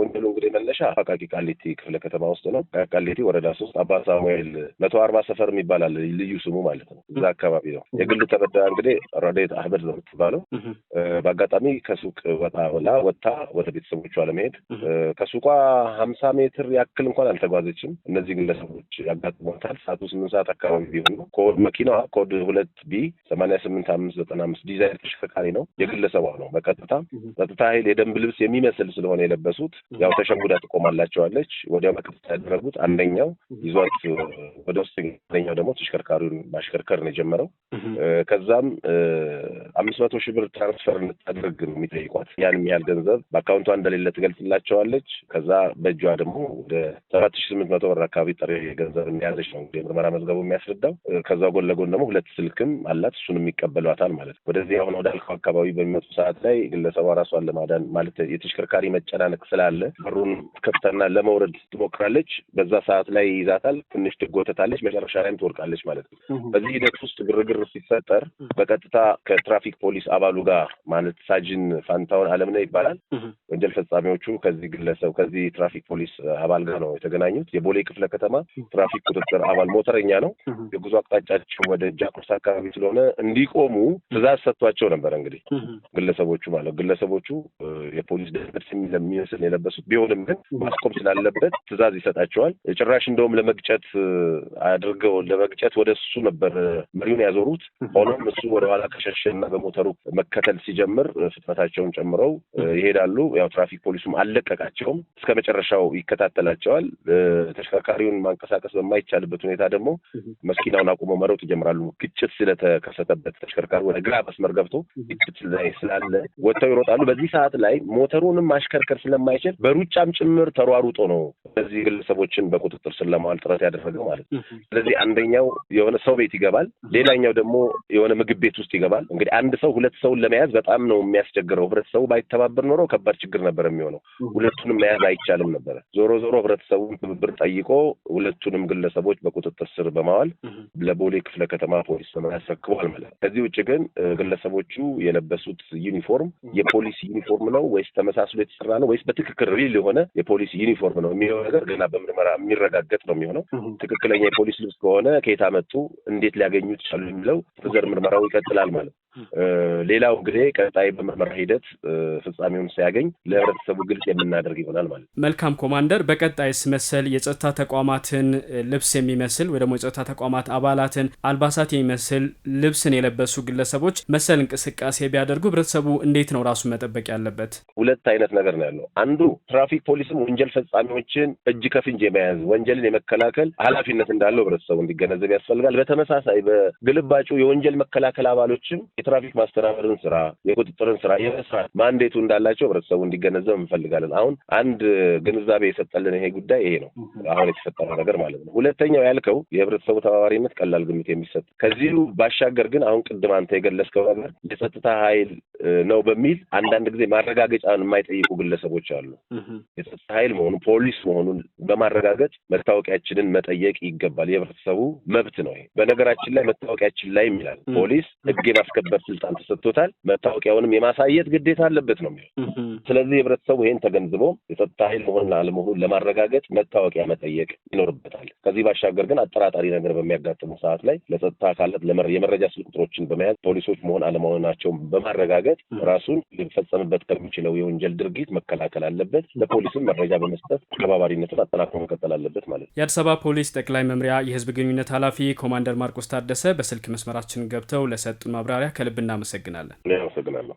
ወንጀሉ እንግዲህ መነሻ አቃቂ ቃሊቲ ክፍለ ከተማ ውስጥ ነው። ቃሊቲ ወረዳ ሶስት አባ ሳሙኤል መቶ አርባ ሰፈር የሚባላል ልዩ ስሙ ማለት ነው። እዛ አካባቢ ነው። የግል ተበዳ እንግዲህ ረዴት አህመድ ነው የምትባለው። በአጋጣሚ ከሱቅ ወጣ ብላ ወጥታ ወደ ቤተሰቦቿ ለመሄድ ከሱቋ ሀምሳ ሜትር ያክል እንኳን አልተጓዘችም። እነዚህ ግለሰቦች ያጋጥሟታል። ሰዓቱ ስምንት ሰዓት አካባቢ ቢሆን ነው። ኮድ መኪናዋ ኮድ ሁለት ቢ ሰማንያ ስምንት አምስት ዘጠና አምስት ዲዛይን ተሽከርካሪ ነው። የግለሰቧ ነው። በቀጥታ ጸጥታ ኃይል የደንብ ልብስ የሚመስል ስለሆነ የለበሱት ያው ተሸጉዳ ትቆማላቸዋለች። ወዲያው በቀጥታ ያደረጉት አንደኛው ይዟት ወደ ውስጥ፣ አንደኛው ደግሞ ተሽከርካሪውን ማሽከርከር ነው የጀመረው። ከዛም አምስት መቶ ሺህ ብር ትራንስፈር እንድታደርግ ነው የሚጠይቋት። ያን የሚያህል ገንዘብ በአካውንቷ እንደሌለ ትገልጽላቸዋለች። ከዛ በእጇ ደግሞ ወደ ሰባት ሺህ ስምንት መቶ ብር አካባቢ ጥሬ ገንዘብ እንደያዘች ነው እንግዲህ የምርመራ መዝገቡ የሚያስረዳው። ከዛ ጎን ለጎን ደግሞ ሁለት ስልክም አላት፣ እሱንም ይቀበሏታል ማለት ነው። ወደዚህ አሁን ወዳልከው አካባቢ በሚመጡ ሰዓት ላይ ግለሰቧ ራሷን ለማዳን ማለት የተሽከርካሪ መጨናነቅ ስላለ አለ። በሩን ከፍታና ለመውረድ ትሞክራለች። በዛ ሰዓት ላይ ይዛታል። ትንሽ ትጎተታለች። መጨረሻ ላይም ትወርቃለች ማለት ነው። በዚህ ሂደት ውስጥ ግርግር ሲፈጠር በቀጥታ ከትራፊክ ፖሊስ አባሉ ጋር ማለት ሳጅን ፋንታውን አለምነህ ይባላል ወንጀል ፈጻሚዎቹ ከዚህ ግለሰብ ከዚህ ትራፊክ ፖሊስ አባል ጋር ነው የተገናኙት። የቦሌ ክፍለ ከተማ ትራፊክ ቁጥጥር አባል ሞተረኛ ነው። የጉዞ አቅጣጫቸው ወደ ጃቁርስ አካባቢ ስለሆነ እንዲቆሙ ትዛዝ ሰጥቷቸው ነበር። እንግዲህ ግለሰቦቹ ማለት ግለሰቦቹ የፖሊስ ደንብ የሚመስል የለበ የደረሱት ቢሆንም ግን ማስቆም ስላለበት ትዕዛዝ ይሰጣቸዋል። ጭራሽ እንደውም ለመግጨት አድርገው ለመግጨት ወደ እሱ ነበር መሪውን ያዞሩት። ሆኖም እሱ ወደኋላ ከሸሸና በሞተሩ መከተል ሲጀምር ፍጥነታቸውን ጨምረው ይሄዳሉ። ያው ትራፊክ ፖሊሱም አልለቀቃቸውም፣ እስከ መጨረሻው ይከታተላቸዋል። ተሽከርካሪውን ማንቀሳቀስ በማይቻልበት ሁኔታ ደግሞ መኪናውን አቁመው መሮጥ ይጀምራሉ። ግጭት ስለተከሰተበት ተሽከርካሪ ወደ ግራ መስመር ገብቶ ግጭት ላይ ስላለ ወጥተው ይሮጣሉ። በዚህ ሰዓት ላይ ሞተሩንም ማሽከርከር ስለማይችል በሩጫም ጭምር ተሯሩጦ ነው እነዚህ ግለሰቦችን በቁጥጥር ስር ለማዋል ጥረት ያደረገው ማለት ነው። ስለዚህ አንደኛው የሆነ ሰው ቤት ይገባል፣ ሌላኛው ደግሞ የሆነ ምግብ ቤት ውስጥ ይገባል። እንግዲህ አንድ ሰው ሁለት ሰውን ለመያዝ በጣም ነው የሚያስቸግረው። ህብረተሰቡ ባይተባበር ኖሮ ከባድ ችግር ነበር የሚሆነው። ሁለቱንም መያዝ አይቻልም ነበረ። ዞሮ ዞሮ ህብረተሰቡን ትብብር ጠይቆ ሁለቱንም ግለሰቦች በቁጥጥር ስር በማዋል ለቦሌ ክፍለ ከተማ ፖሊስ መምሪያ ማለት ነው። ከዚህ ውጭ ግን ግለሰቦቹ የለበሱት ዩኒፎርም የፖሊስ ዩኒፎርም ነው ወይስ ተመሳስሎ የተሰራ ነው ወይስ በትክክል ወታደራዊ የሆነ የፖሊስ ዩኒፎርም ነው የሚለው ነገር ገና በምርመራ የሚረጋገጥ ነው የሚሆነው። ትክክለኛ የፖሊስ ልብስ ከሆነ ከየት አመጡ፣ እንዴት ሊያገኙት ቻሉ የሚለው ዘር ምርመራው ይቀጥላል ማለት ነው። ሌላው እንግዲህ ቀጣይ በምርመራ ሂደት ፍጻሜውን ሲያገኝ ለህብረተሰቡ ግልጽ የምናደርግ ይሆናል ማለት ነው። መልካም ኮማንደር፣ በቀጣይስ መሰል የጸጥታ ተቋማትን ልብስ የሚመስል ወይ ደግሞ የጸጥታ ተቋማት አባላትን አልባሳት የሚመስል ልብስን የለበሱ ግለሰቦች መሰል እንቅስቃሴ ቢያደርጉ ህብረተሰቡ እንዴት ነው ራሱን መጠበቅ ያለበት? ሁለት አይነት ነገር ነው ያለው። አንዱ ትራፊክ ፖሊስም ወንጀል ፈጻሚዎችን እጅ ከፍንጅ የመያዝ ወንጀልን የመከላከል ኃላፊነት እንዳለው ህብረተሰቡ እንዲገነዘብ ያስፈልጋል። በተመሳሳይ በግልባጩ የወንጀል መከላከል አባሎችም የትራፊክ ማስተናበርን ስራ፣ የቁጥጥርን ስራ የመስራት ማንዴቱ እንዳላቸው ህብረተሰቡ እንዲገነዘብ እንፈልጋለን። አሁን አንድ ግንዛቤ የሰጠልን ይሄ ጉዳይ ይሄ ነው አሁን የተፈጠረ ነገር ማለት ነው። ሁለተኛው ያልከው የህብረተሰቡ ተባባሪነት ቀላል ግምት የሚሰጥ ከዚሁ ባሻገር ግን አሁን ቅድም አንተ የገለጽከው ነገር የጸጥታ ኃይል ነው በሚል አንዳንድ ጊዜ ማረጋገጫን የማይጠይቁ ግለሰቦች አሉ። የጸጥታ ኃይል መሆኑ ፖሊስ መሆኑን በማረጋገጥ መታወቂያችንን መጠየቅ ይገባል። የህብረተሰቡ መብት ነው ይሄ። በነገራችን ላይ መታወቂያችን ላይ ይላል ፖሊስ ህግ የማስከበ የማስከበር ስልጣን ተሰጥቶታል። መታወቂያውንም የማሳየት ግዴታ አለበት ነው የሚለው። ስለዚህ ህብረተሰቡ ይሄን ተገንዝቦ የጸጥታ ኃይል መሆንና አለመሆኑን ለማረጋገጥ መታወቂያ መጠየቅ ይኖርበታል። ከዚህ ባሻገር ግን አጠራጣሪ ነገር በሚያጋጥሙ ሰዓት ላይ ለጸጥታ አካላት የመረጃ ስልክ ቁጥሮችን በመያዝ ፖሊሶች መሆን አለመሆናቸውን በማረጋገጥ ራሱን ሊፈጸምበት ከሚችለው የወንጀል ድርጊት መከላከል አለበት። ለፖሊስም መረጃ በመስጠት ተባባሪነቱን አጠናክሮ መቀጠል አለበት ማለት ነው። የአዲስ አበባ ፖሊስ ጠቅላይ መምሪያ የህዝብ ግንኙነት ኃላፊ ኮማንደር ማርቆስ ታደሰ በስልክ መስመራችን ገብተው ለሰጡን ማብራሪያ ከልብ እናመሰግናለን። እኔ አመሰግናለሁ።